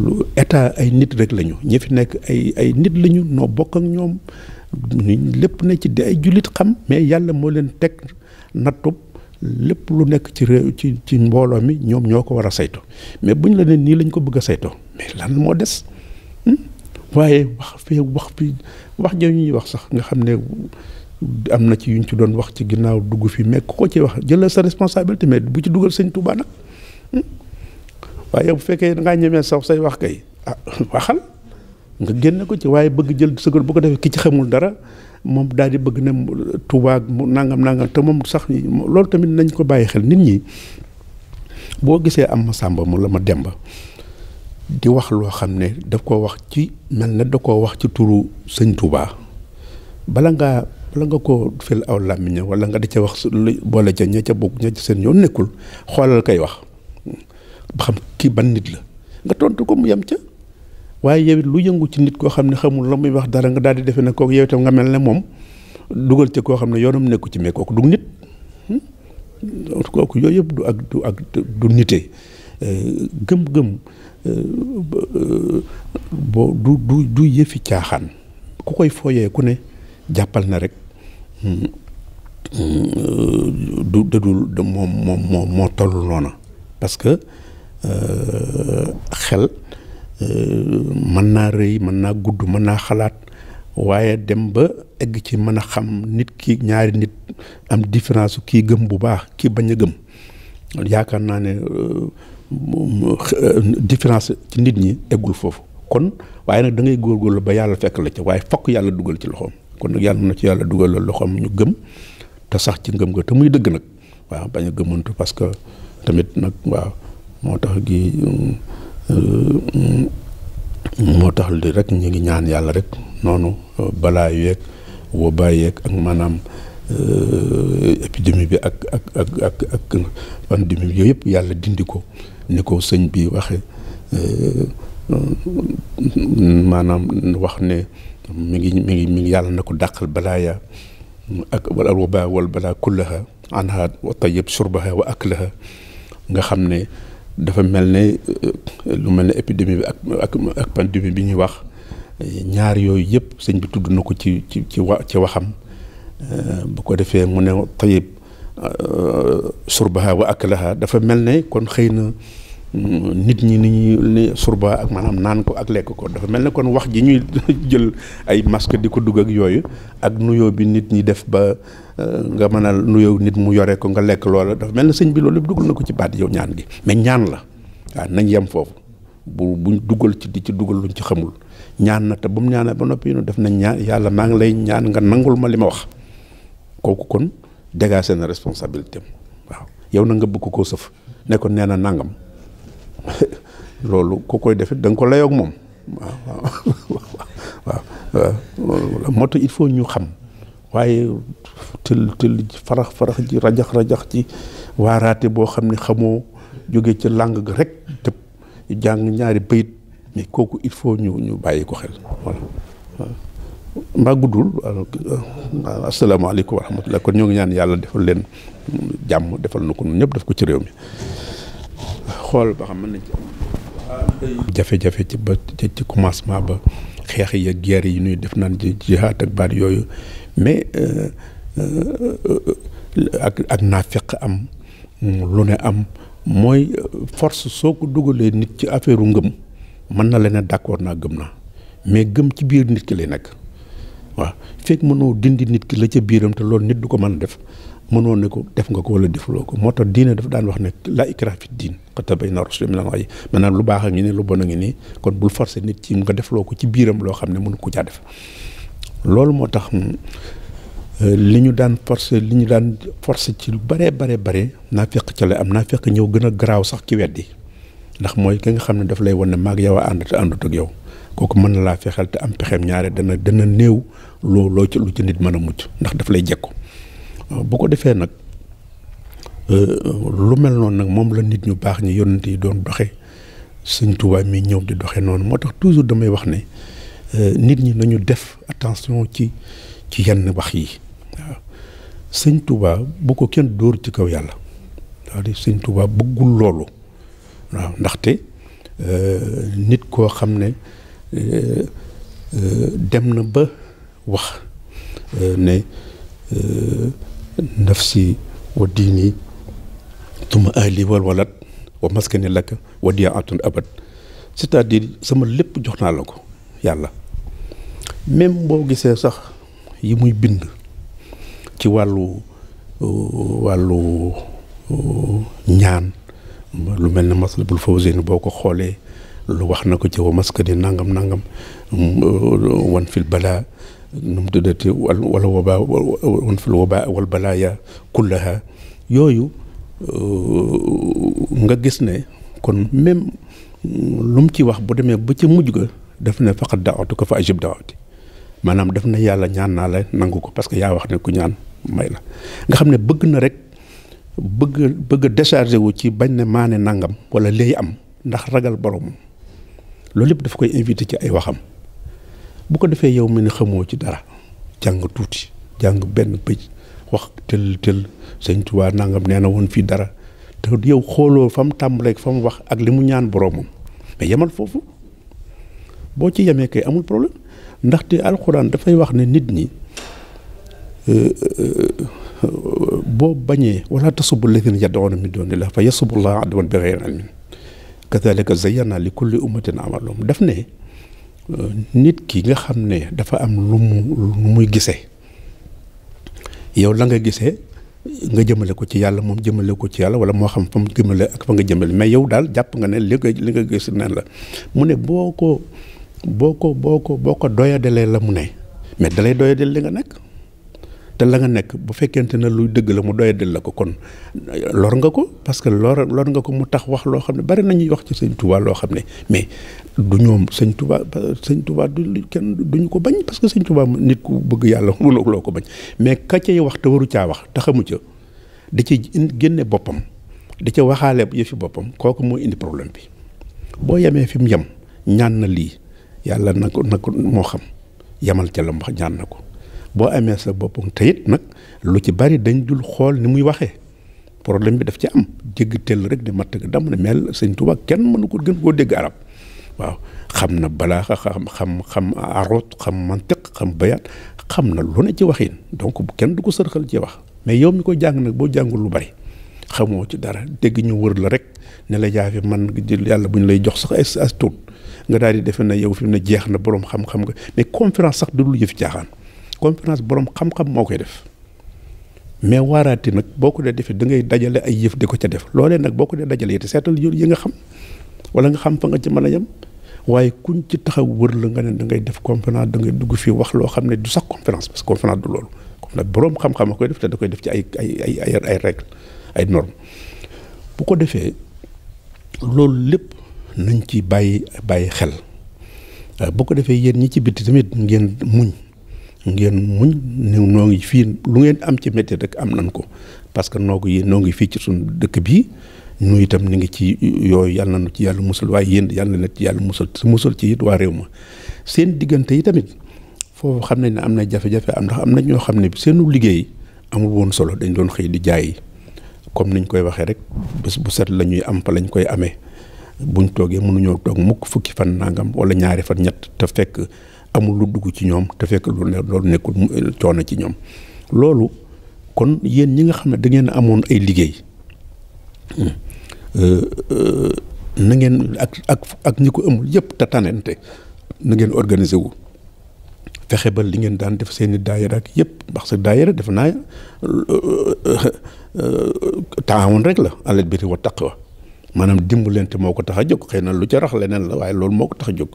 lu état ay nit rek lañu ñi fi nekk ay ay nit lañu noo bokk ak ñoom lépp ne ci di ay jullit xam mais yàlla moo leen teg nattub lépp lu nekk ci réew ci ci mbooloo mi ñoom ñoo ko war a saytu mais buñ la ne nii lañ ko bëgg a saytoo mais lan moo des. waaye wax fee wax fi wax ja ñuy wax sax nga xam ne am na ci yuñ ci doon wax ci ginnaaw dugg fii mekk ku ko ci wax jëlal sa responsabilité mais bu ci dugal sëñ Touba nag hmm? waaye bu fekkee da ngaa ñemee saw say wax kay ah, waxal nga génne ko ci waaye bëgg jël sëgal bu ko defee ki ci xamul dara moom daal di bëgg ne Touba nangam nangam te moom sax loolu tamit nañ ko bàyyi xel nit ñi boo gisee am ma sàmba mu la ma demba di wax loo xam ne daf koo wax ci mel ne da koo wax ci turu sëñ Touba bala nga bala nga ko fel aw làmmiñ wala nga di ca wax boole ca ña ca bokk ña seen yoon nekkul xoolal kay wax ba xam kii ban nit la nga tontu ko mu yem ca waaye yow it lu yëngu ci nit koo xam ne xamul la muy wax dara nga daal di defe ne kooku yow itam nga mel ne moom dugal ca koo xam ne yoonam nekku ci mais kooku du nit hmm? kooku yooyu yëpp du ak du ak du nite euh, gëm-gëm. boo du du du yëfi caaxaan ku koy fooyee ku ne jàppal na rek hmm, hmm, du dëdul moom moom moo moo toll noona parce que euh, xel euh, mën naa rëy mën naa gudd mën naa xalaat waaye dem ba egg ci mën a xam nit kii ñaari nit am différence kii gëm bu baax kii bañ a gëm yaakaar naa ne euh, différence ci nit ñi eggul foofu kon waaye nag da ngay góorgóorlu ba yàlla fekk la ca waaye fokk yàlla dugal ci loxoom kon nag yàlla na ci yàlla dugal la loxoom ñu gëm te sax ci ngëm nga te muy dëgg nag waaw bañ a gëmantu parce que tamit nag waaw moo tax gi moo tax li rek ñu ngi ñaan yàlla rek noonu balaa yeeg wobaa yeeg ak maanaam épidémie bi ak ak ak ak ak pandémie bi yooyu yëpp yàlla dindi ko ni ko sëñ bi waxe euh, maanaam wax ne mu ngi mi ngi mi ngi yàlla na ko dàqal balaaya ak wal alwaba wal balaa kullaha anha yëpp tayyib surbaha wa aklaha nga xam ne dafa mel ne euh, lu mel ne épidémie bi ak ak pandémie bi ñuy wax ñaar yooyu yëpp sëñ bi tudd na ko ci ci ci wa ci waxam euh, bu ko defee mu ne tayib Euh, surbaha wa aklaha dafa mel ne kon xëy na mm, nit ñi ni ñuy surba ak maanaam naan ko ak lekk ko dafa mel ne kon wax ji ñuy jël ay masque di ko dugg ak yooyu ak nuyoo bi nit ñi def ba euh, nga mën a nuyoo nit mu yore ko nga lekk loola dafa mel ne sëñ bi loolu dugal na ko ci baat yow ñaan gi mais ñaan la waaw nañ yem foofu bu buñ dugal ci di ci dugal luñ ci xamul ñaan na te ba mu ñaanee ba noppi def nañ ñaan yàlla maa ngi lay ñaan nga nangul ma li ma wax kooku dégagé na responsabilité waaw yow na nga bugg koo sëf nekkoon ko nee na nangam loolu ku koy def it da nga ko layoog moom waaw moo tax il faut ñu xam waaye tël tël farax farax ji rajax rajax ci waaraate boo xam ne xamoo jóge ci làng gi rek tëb jàng ñaari bayit mais kooku il faut ñu ñu bàyyi ko xel mbaa guddul euh, asalaamaaleykum wa rahmatulah kon ñoo ngi ñaan yàlla defal leen jàmm defal na ko ñun ñëpp def ko ci réew mi xool ba xam mën nañ ci jafe-jafe ci ba ci commencement ba xeex yi ak yi ñuy def naan jihaad ak baat yooyu mais euh, euh, ak ak naafeq am lu ne am mooy force soo ko dugalee nit ci affaire ngëm mën na leen a d'accord naa gëm na mais gëm ci biir nit ki lay nekk. waaw fekk mënoo dindi nit ki la ca biiram te loolu nit du ko mën def mënoo ne ko def nga ko wala defuloo ko moo tax diine daf daan wax ne laa ikraha fi diin qad tabayyana rushd min al lu baax a ngi ne lu bon a ngi nii kon bul forcer nit ci nga defloo ko ci biiram loo xam ne mënu ko caa def loolu moo tax euh, li ñu daan forcer li ñu daan forcer ci lu baree baree bare naa fekk ca la am naa fekk ñëw gën a garaaw sax ci weddi ndax mooy ki nga xam ne daf lay wan ne maag yow a ànd te yow kooku mën na laa fexeel te am pexeem ñaare dana dana néew loo loo ci lu ci nit mën a mucc ndax daf lay jekko euh, bu ko defee nag euh, lu mel noonu nag moom la nit ñu baax ñi yonent yi doon doxe Sëñ Tuubaa mi ñëw di doxe noonu moo tax toujours damay wax ne euh, nit ñi nañu def attention ci ci yenn wax yi Sëñ tubaa bu ko kenn dóor ci kaw yàlla waaw di Sëñ Tuubaa bëggul loolu waaw ndaxte nit koo xam ne dem na ba wax euh, ne euh, nafsi wa diini tuma ahli wal walad wa maskani lakk wa diyaatun abad c'est-à-dire sama lépp jox naa la ko yàlla même boo gisee sax yi muy bind ci wàllu euh, wàllu ñaan lu mel ne maslabul fawzeyni boo ko xoolee lu wax na ko ci wa maskani nangam nangam wan fil bala nu mu tuddati wala waba wan fil waba wal balaaya kullaha yooyu euh, nga gis ne kon même lu mu ci wax bu demee ba ca mujj ga def ne faqat daawatu ko fa ajib daawati maanaam def ne yàlla ñaan naa la nangu ko parce que yaa wax ne ku ñaan may la nga xam ne bëgg na rek bëgg bëgg a décharger wu ci bañ ne maane nangam wala léey am ndax ragal borom loolu yëpp daf koy invité ci ay waxam bu ko defee yow mi ne xamoo ci dara jàng tuuti jàng benn pëj wax tël nangam nee na woon fii dara te yow xooloo fa mu tàmbalee fa mu wax ak li mu ñaan boroomam mais yemal foofu boo ci yemee kay amul problème ndaxte alxuraan dafay wax ne nit ñi euh, euh, boo bañee wala tasubu lazina yad'uuna min duunillaah fa yasubu llaaha adwan bi ghayri ilmin kazaalika zayyana li kulli ummatin amalahum daf ne Euh, nit ki nga xam ne dafa am lu muy gisee yow la nga gisee nga jëmale ko ci yàlla moom jëmale ko ci yàlla wala moo xam fa mu jëmale ak fa nga jëmale mais yow daal jàpp nga ne li nga li nga gis neen la mu ne boo ko boo ko boo ko boo ko doyadelee la mu ne mais dalay doyadel li nga nekk te la nga nekk bu fekkente ne lu dëgg la mu doyadil la ko kon lor nga ko parce que lor lor nga ko mu tax wax loo xam ne bari nañuy wax ci sëñ tubaa loo xam ne mais du ñoom sëñ tubaa sëñ tubaa du kenn duñu ko bañ parce que sëñ Touba nit ku bëgg yàlla mënoo loo ko bañ mais ka cay wax te waru caa wax te xamu ca di ci génne boppam di ca waxaale fi boppam kooku moo indi problème bi boo yemee fi mu yem ñaan na lii yàlla na ko na ko moo xam yemal ca la wax ñaan na ko boo amee sa bopp te nag lu ci bari dañ dul xool ni muy waxee problème bi daf ci am jégg teel rek di matt dam ne mel sëñ Tuubaa kenn mënu ko gën koo dégg arab waaw xam na balaa xam xam xam aroot xam mantiq xam bayaat xam na lu ne ci waxin donc kenn du ko sërxal ci wax mais yow mi ko jàng nag boo jàngul lu bari xamoo ci dara dégg ñu wër la rek ne la jaafe man yàlla bu ñu lay jox sax as tuut nga daal di defe na yow fi mu ne jeex na boroom xam-xam nga mais sax du lu yëf caaxaan conférence boroom xam-xam moo koy def mais waaraate nag boo ko dee defee da ngay dajale ay yëf di ko ca def loolee nag boo ko dee dajale yi te seetal yi nga xam wala nga xam fa nga ci mën a yem waaye kuñ ci taxaw wër la nga ne da ngay def conférence da ngay dugg fii wax loo xam ne du sax conférence parce que conférence du loolu conférence borom xam-xam a koy def da koy def ay ay ay ay règle ay norme bu ko defee loolu lépp nañ ci bàyyi bàyyi xel euh, bu ko defee yéen ñi ci bitti tamit ngeen muñ ngeen muñ ni noo ngi fii lu ngeen am ci métti rek am nan ko parce que noo yéen noo ngi fii ci suñu dëkk bii ñu itam ni ngi ci yooyu yàlla nañu ci yàlla musal waaye yéen yàlla na ci yàlla musal su musal ci it waa réew ma seen diggante yi tamit foofu xam nañ ne am na jafe-jafe am ndax am nañ ñoo xam ne seenu liggéey amul woon solo dañ doon xëy di jaay comme niñ koy waxee rek bés bu set la ñuy am fa lañ koy amee buñ toogee mënuñoo toog mukk fukki fan nangam wala ñaari fan ñett te fekk amul lu dugg ci ñoom te fekk loolu nekkul euh, coono ci ñoom loolu kon yéen ñi nga xam ne dangeen amoon ay liggéey hmm, euh, euh, na ngeen ak ak ak ñi ko amul yëpp te tanente na ngeen organiser wu fexe ba li ngeen daan def seeni daayira ak yëpp ndax sa daayira def naa taawoon rek la alal bi wa taqwa maanaam dimbalante moo ko tax a jóg xëy na lu ca rax leneen la waaye loolu moo ko tax a jóg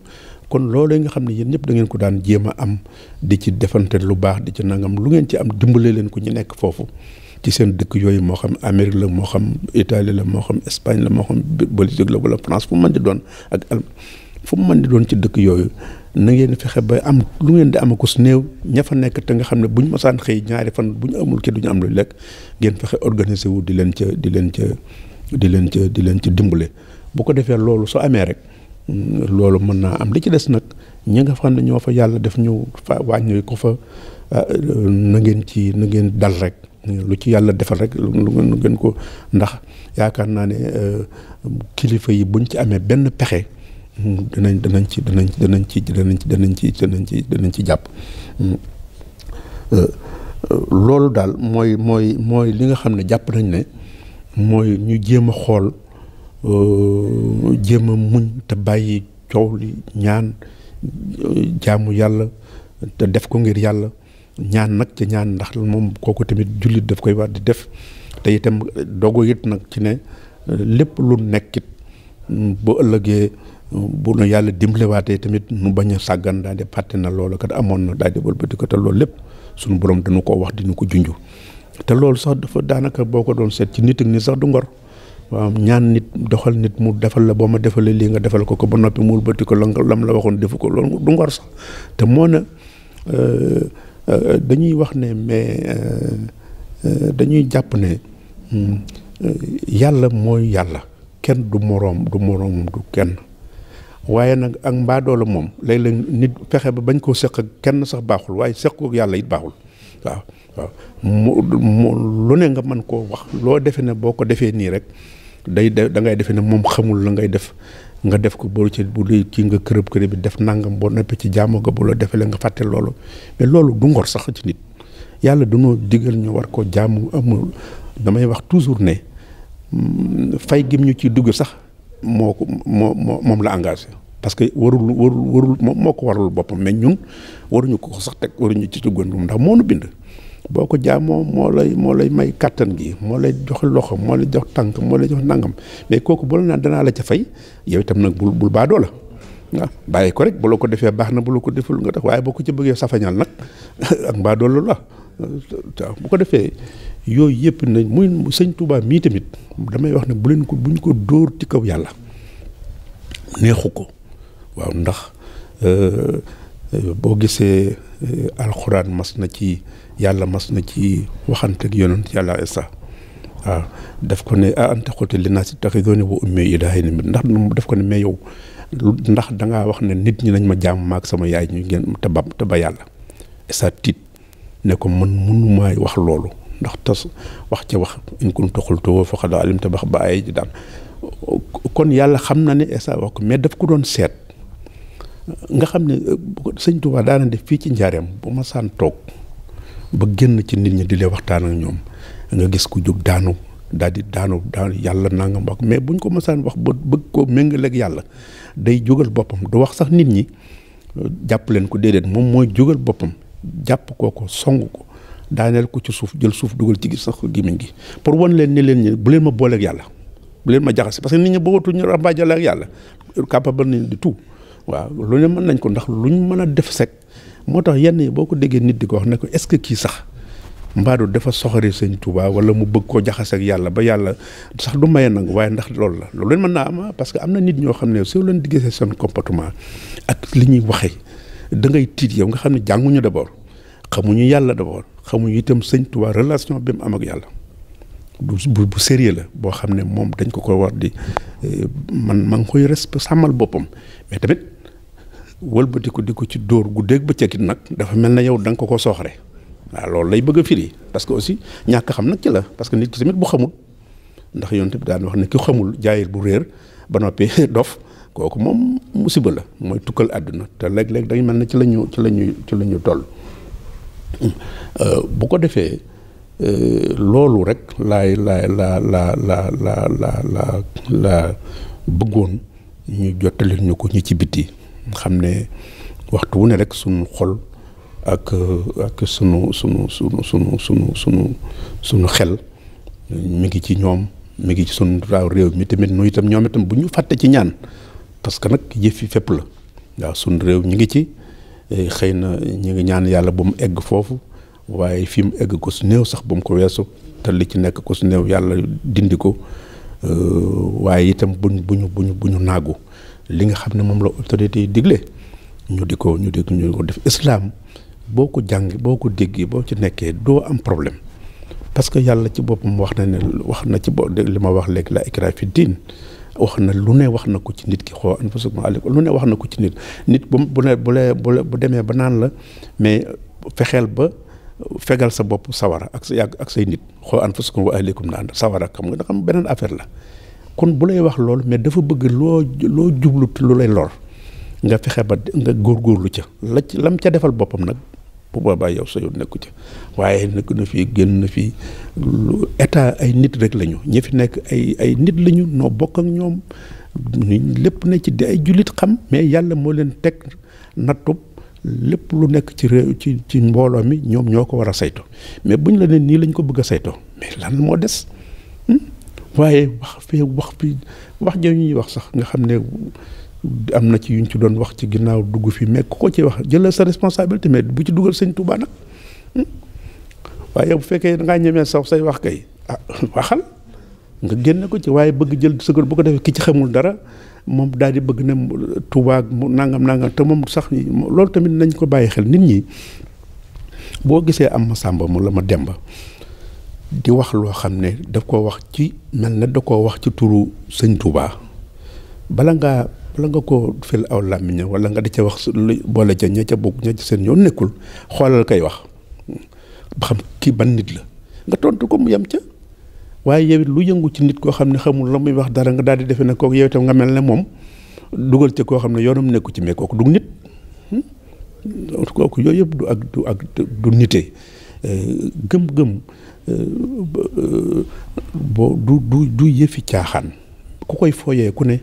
kon loolu nga xam ne yéen ñëpp dangeen ko daan jéem a am di ci defante lu baax di ci nangam lu ngeen ci am dimbale leen ko ñu nekk foofu ci seen dëkk yooyu moo xam amerique la moo xam Italie la moo xam Espagne la moo xam Belgique la wala France fu man di doon ak al fu mu mën di doon ci dëkk yooyu na ngeen fexe ba am lu ngeen di am ko su néew ña fa nekk te nga xam ne bu ñu masaan xëy ñaari fan bu ñu amul kii du ñu am lu lekk ngeen fexe organiser wu di leen ca di leen ca di leen ca di leen ca dimbale bu ko defee loolu soo amee rek. loolu mën naa am li ci des nag ñi nga ne ñoo fa yàlla def ñu fa wàññi ko fa ah, na ngeen ci na ngeen dal rek lu ci yàlla defal rek lu ngeen ko ndax yaakaar naa ne eh, kilifa yi buñ ci amee benn pexe danañ danañ ci danañ danañ ci danañ ci danañ ci danañ ci danañ ci jàpp eh, loolu daal mooy mooy mooy li nga xam ne jàpp nañ ne mooy ñu jéem a xool Euh, jéem a muñ te bàyyi coow li ñaan euh, jaamu yàlla te def ko ngir yàlla ñaan nag ca ñaan ndax moom kooku tamit jullit daf koy war di def te itam dogu it nag ci ne euh, lépp lu nekkit bu ëllëgee bu nu yàlla dimbalewaatee tamit nu bañ a sàggan daan di fàtte na loolu kat amoon na daal di wëlbati ko te loolu lépp suñu borom dañu koo wax dinu ko junju te loolu sax dafa daanaka boo ko doon seet ci nit ak sax du ngor waaw ñaan nit doxal nit mu defal la boo ma defalee lii nga defal ko ko ba noppi mu bëtti ko lan lam la waxoon defu ko loolu du ngor sax te moo na euh, euh, dañuy wax ne mais euh, dañuy jàpp ne hmm, yàlla mooy yàlla kenn du moroom du moroomam du kenn waaye nag ak mbaadoola moom léeg-léeg nit fexe ba bañ koo seq kenn sax baaxul waaye seq ko yàlla it baaxul waaw waaw mu lu ne nga mën koo wax loo defe ne boo ko defee nii rek day da ngay defee ne moom xamul la ngay def nga def ko boo ci bu dee ci nga kërëb kërëb bi def nangam boo noppee ci jaamu nga bu la defee la nga loolu mais sax ci nit yàlla dunoo digal ñu war ko jaamu amul damay wax toujours ne mm, fay gim ñu ci dugg sax moo ko moo moo moom la engagé parce que warul warul warul moo ko warul boppam mais ñun waruñu ko sax teg waruñu ci duggoon ndax moo nu bind. boo ko jaamoo moo lay moo lay may kàttan gi moo lay jox loxo moo lay jox tànk moo lay jox nangam mais kooku bu la naan danaa la ca fay yow itam nag bul bul baadoo la waaw ko rek bu ko defee baax na bu ko deful nga tax waaye boo ko ci bëggee safañal nag la bu ko defee yooyu yëpp nañ muy sëñ Touba mii tamit damay wax ne bu leen ko bu ñu ko dóor ci kaw yàlla neexu ko waaw ndax euh, boo gisee euh, alxuraan mas na ci yàlla mas na ci waxante ak yonent yàlla Isa waaw daf ko ne a anta qulta linnaasi ittaxizuuni wa ummiya ilaahayni ndax daf ko ne mais yow ndax danga wax ne nit ñi nañ ma jaam maag sama yaay ñu ngeen te ba te ba yàlla Isa tiit ne ko wax loolu ndax tas wax ca wax in kunta qultuhu faqad alimta ba ay ji daan kon yàlla xam na ne Isa wax ko mais daf ko doon seet nga xam ne sëñ Tuubaa daana def fii ci njaareem bu ma saan toog ba génn ci nit ñi di leen waxtaan ak ñoom nga gis ku jóg daanu daal di daanu daanu yàlla nangam wax mais bu buñ ko mësaan wax ba bëgg koo méngaleeg yàlla day jógal boppam du wax sax nit ñi jàpp leen ko déedéet moom mooy jógal boppam jàpp koo ko song ko daaneel ko ci suuf jël suuf dugal ci gi sax gémmiñ gi pour wan leen ni leen ñi bu leen ma booleeg yàlla bu leen ma jaxase parce que nit ñi bëggatuñu ràmbaajale ak yàlla capable nañ di tout waaw lu ne mën nañ ko ndax luñ mën a def sek moo tax yenn yi boo ko déggee nit di ko wax ne ko est-ce que kii sax mbaadu dafa soxore sëñ Touba wala mu bëgg koo jaxase ak yàlla ba yàlla sax du maye nangu waaye ndax loolu la loolu leen mën naa am ah parce que am na nit ñoo xam ne soo leen diggee seen comportement ak li ñuy waxee da ngay tiit yow nga xam ne jànguñu d'abord xamuñu yàlla d'abord xamuñu itam sëñ Touba relation bi mu am ak yàlla bu bu sérieux la boo xam ne moom dañ ko ko war di eh, man ma ngi koy respect sàmmal boppam tamit wëlbatiku di ko ci dóor guddeeg bëccëg it nag dafa mel na yow danga ko ko sooxare waaw loolu lay bëgg firi parce que aussi ñàkk xam nag ci la parce que nit ki tamit bu xamul ndax yonent bi daan wax ne ki xamul jaayir bu réer ba noppi dof kooku moom musiba la mooy tukkal àdduna te léeg-léeg dañ mel na ci la ñu ci la ñu ci la ñu toll euh, bu ko defee euh, loolu rek laay laa la la la bëggoon ñu jottali ko ñu ci biti xam ne waxtu wu ne rek suñu xol ak ak sunu suñu sunu sunu suñu suñu suñu xel mi ngi ci ñoom mi ngi ci sunu raaw réew mi tamit nu itam ñoom itam bu ñu fàtte ci ñaan parce que nag yëf yi fépp la waaw suñu réew ñu ngi ci eh, xëy na ñu ngi ñaan yàlla bu mu egg foofu waaye fi mu egg ko su néew sax bu mu ko weesu te li ci nekk ko su néew yàlla dindi ko eh, waaye itam buñ buñu buñu bu ñu naagu li nga xam ne moom la autorité yi digle ñu di ko ñu di ñu ko def islam boo ko jàng boo ko déggee boo ci nekkee doo am problème parce que yàlla ci boppam wax na ne wax na ci bo li ma wax léegi la ikraha fi diin wax na lu ne wax na ko ci nit ki xoo anfusakum alaykum lu ne wax na ko ci nit nit bu bu ne bu lee bu demee ba naan la mais fexeel ba fegal sa bopp sawara ak sa yàgg ak say nit xoo anfusakum wa ahlikum naan sawara xam nga da xam beneen affaire la kon bu lay wax loolu mais dafa bëgg loo loo jublut lu lay lor nga fexe ba nga góorgóorlu ca la ci lam ca defal boppam nag bu boobaa yow sa yoon nekku ca waaye nekk na fi génn na fi lu état ay nit rek lañu ñi fi nekk ay ay nit lañu noo bokk ak ñoom lépp na ci di ay jullit xam mais yàlla moo leen teg nattub lépp lu nekk ci réew ci ci mbooloo mi ñoom ñoo ko war a sayto mais buñ la ne nii lañ ko bëgg a saytoo mais lan moo des. Hmm? waaye wax fee wax fi wax ja ñuy wax sax nga xam ne am na ci yuñ ci doon wax ci ginnaaw dugg fii mekk ku ko ci wax jëlal sa responsabilité mais bu ci dugal sëñ Touba nag waaye bu fekkee da ngaa ñemee saw say wax kay ah waxal nga génne ko ci waaye bëgg jël sëgal bu defee ki ci xamul dara moom daa di bëgg ne Touba mu nangam nangam te moom sax loolu tamit nañ ko bàyyi xel nit ñi boo gisee am ma sàmba mu la ma demba di wax loo xam ne daf koo wax ci mel ne da koo wax ci turu sëñ Touba bala nga bala nga ko fil aw làmmiñ wala nga di ca wax boole ca ña ca bugg ña seen yoon nekkul xoolal kay wax xam kii ban nit la nga tontu ko mu yem ca waaye yow lu yëngu ci nit koo xam ne xamul la muy wax dara nga daal di defe ne kooku yow nga mel ne moom dugal ca koo xam ne yoonam nekku ci mais du nit hmm? kooku yooyu yëpp du ak du ak du nite euh, gëm-gëm Euh, euh, boo du du du yëfi caaxaan ku koy fooyee ku ne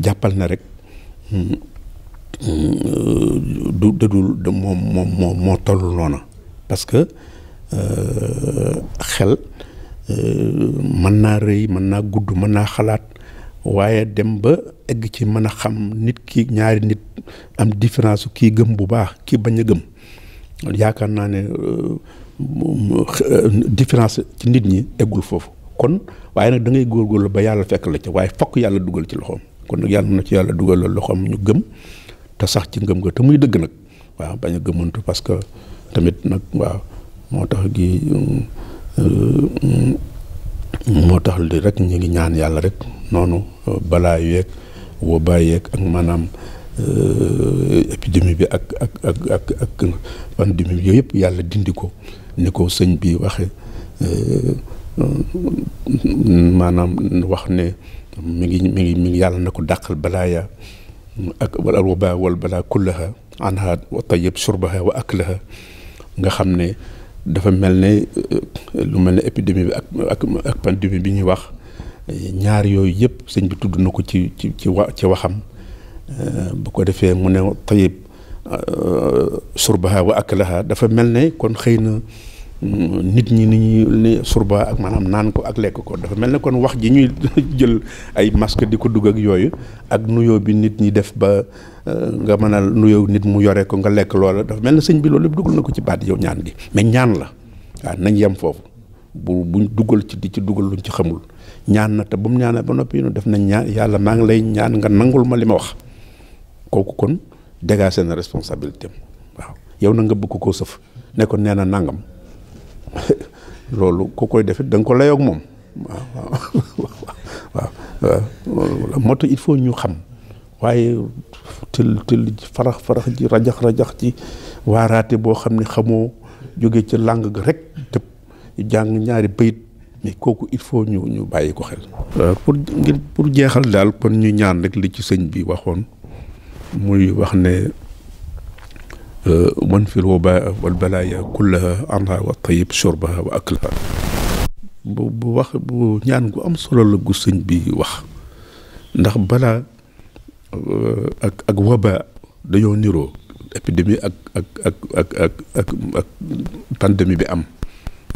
jàppal na rek hmm, hmm, euh, du dëdul moom moom moo moo toll noona parce que xel mën naa rëy mën naa gudd mën naa xalaat waaye dem ba egg ci mën a xam nit kii ñaari nit am différence kii gëm bu baax kii bañ a gëm yaakaar naa ne différence ci nit ñi eggul foofu kon waaye nag dangay ngay góorgóorlu ba yàlla fekk la ca waaye fokk yàlla dugal ci loxoom kon nag yàlla na ci yàlla dugal la loxoom ñu gëm te sax ci ngëm nga te muy dëgg nag waaw bañ a gëmantu parce que tamit nag waaw moo tax gi moo tax li rek ñu ngi ñaan yàlla rek noonu balaa yeeg woobaa yeeg ak maanaam épidémie bi ak ak ak ak ak pandémie bi yooyu yëpp yàlla dindi ko ni ko sëñ bi waxe euh, maanaam wax ne mu ngi mi ngi mu ngi yàlla na ko dàqal balaaya ak wal wabaa wal balaa kullaha anha wa tayyib surbaha wa aklaha nga xam ne dafa mel ne euh, lu mel ne épidémie bi ak pandémie bi ñuy wax ñaar yooyu yëpp sëñ bi tudd na ko ci ci ci waxam euh, bu ko defee mu ne yëpp Euh, surbaha wa aklaha dafa mel ne kon xëy na mm, nit ñi ni ñuy ne surba ak maanaam naan ko ak lekk ko dafa mel ne kon wax ji ñuy jël ay masque di ko dugg ak yooyu ak nuyoo bi nit ñi def ba euh, nga mën a nuyoo nit mu yore ko nga lekk loola dafa mel ne sëñ bi loolu lépp dugal na ko ci baat yow ñaan gi mais ñaan la waaw nañ yem foofu bu buñ dugal ci di ci dugal luñ ci xamul ñaan na te ba mu ñaanal ba noppi def nañ ñaan yàlla maa ngi lay ñaan nga nangul ma li ma wax kon. dégager na responsabilité waaw yow na nga bëgg koo sëf ne ko nee na nangam loolu ku koy def it ko layoog moom waaw moo tax il faut ñu xam waaye tël tël farax farax ji rajax rajax ci waaraate boo xam ne xamoo jóge ci làng gi rek tëb jàng ñaari bayit mais kooku il faut ñu ñu bàyyi ko xel. Euh, pour ngir pour jeexal daal kon ñu ñaan rek li ci sëñ bi waxoon. muy wax ne wanfil euh, wabaa wal balaaya kullaha anha wa tayib shurbaha wa aklaha bu bu wax bu ñaan gu am solo la gu sëñ bi wax ndax balaa euh, ak ak waba dañoo niroo épidémie ak ak ak ak ak pandémie bi am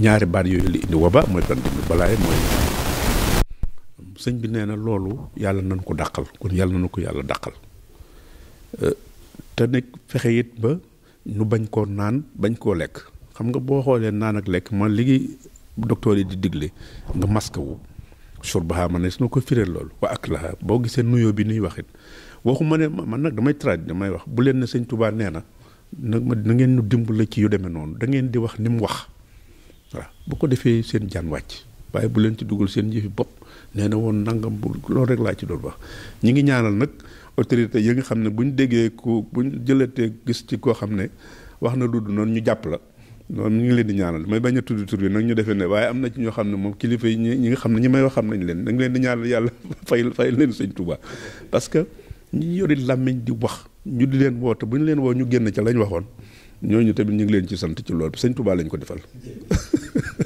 ñaari baat yooyu li indi waba mooy pandémie balaay mooy sëñ bi nee na loolu yàlla nañ ko dàqal kon yàlla nañu ko yàlla dàqal Euh, te nag fexe it ba nu bañ koo naan bañ koo lekk xam nga boo xoolee naan ak lekk man liggéey docteur yi di digle nga masque wu surbaha man ne su ko firee loolu wa ak laha boo seen nuyoo bi nuy waxit waxu ma ne man nag damay traduire damay wax bu leen ne sëñ Tuubaa nee na nag ma na ngeen ñu dimbali ci yu demee noonu dangeen di wax ni mu wax waaw bu ko defee seen jaan wàcc waaye bu leen ci duggul seen yëfi bopp nee na woon nangam bu loolu rek laa ci doon wax ñi ngi ñaanal nag autorité yi nga xam ne bu ñu déggee ku bu ñu jëlatee gis ci koo xam ne wax na dudd noonu ñu jàpp la noonu ñu ngi leen di ñaanal may bañ bi nag ñu defee ne waaye am na ci ñoo xam ne moom kilifa yi ñi ngi xam ne ñi may wax xam nañ leen da nga leen di ñaanal yàlla fay fay leen sëñ Touba parce que ñi yori làmmiñ di wax ñu di leen woote bu ñu leen woo ñu génn ca lañu waxoon ñooñu tamit ñu ngi leen ci sant ci loolu sëñ Touba lañ ko defal